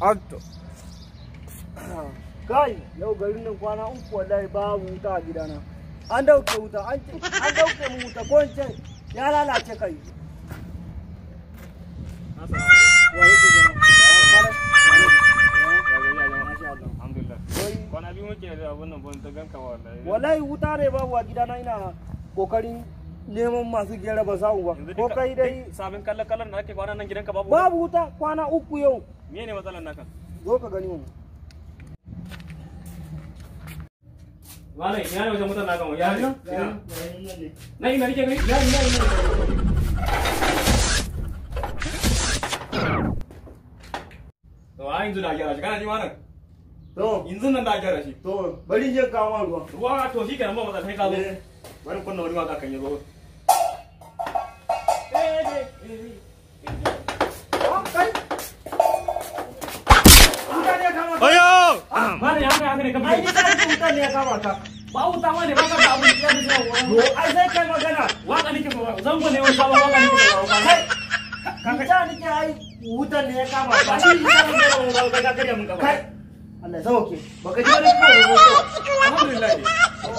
Anto. Kai, yau garin nan kwana uku wallahi babu wuta a gidana. An dauke wuta, an ce, an dauke mu wuta ko ince ya lalace kai. Wallahi wuta ne babu a gidana ina kokarin neman masu gyara ba sa'u ba. Ko kai dai. Sabin kallon kallon da ake kwana nan gidanka babu. Babu wuta kwana uku yau. me ne matsalar naka zo ka gani mu Malai, ina ne wajen mutan naka mu? Ya ne? Na ina nake gani? Ya ina ina. To a yanzu da gyara shi, kana ji nan. To, yanzu nan da gyara shi. To, bari je kawo ruwa. Ruwa to shi kenan ba matsala sai ka zo. Eh. Bari kunna wani waka kan yi ruwa. Malam ya haka ni sai tutan ne ya kama ka. Ba wuta ma ne ba ka ba abin da ya zuwa. Ai sai kai magana. Waka nake ba. Zango ne wani sabon waka nake ba. Kai. Ita nake ai wutan ne ya kama ka. Shi ne ya ba ka ga mun ya Alhamdulillah.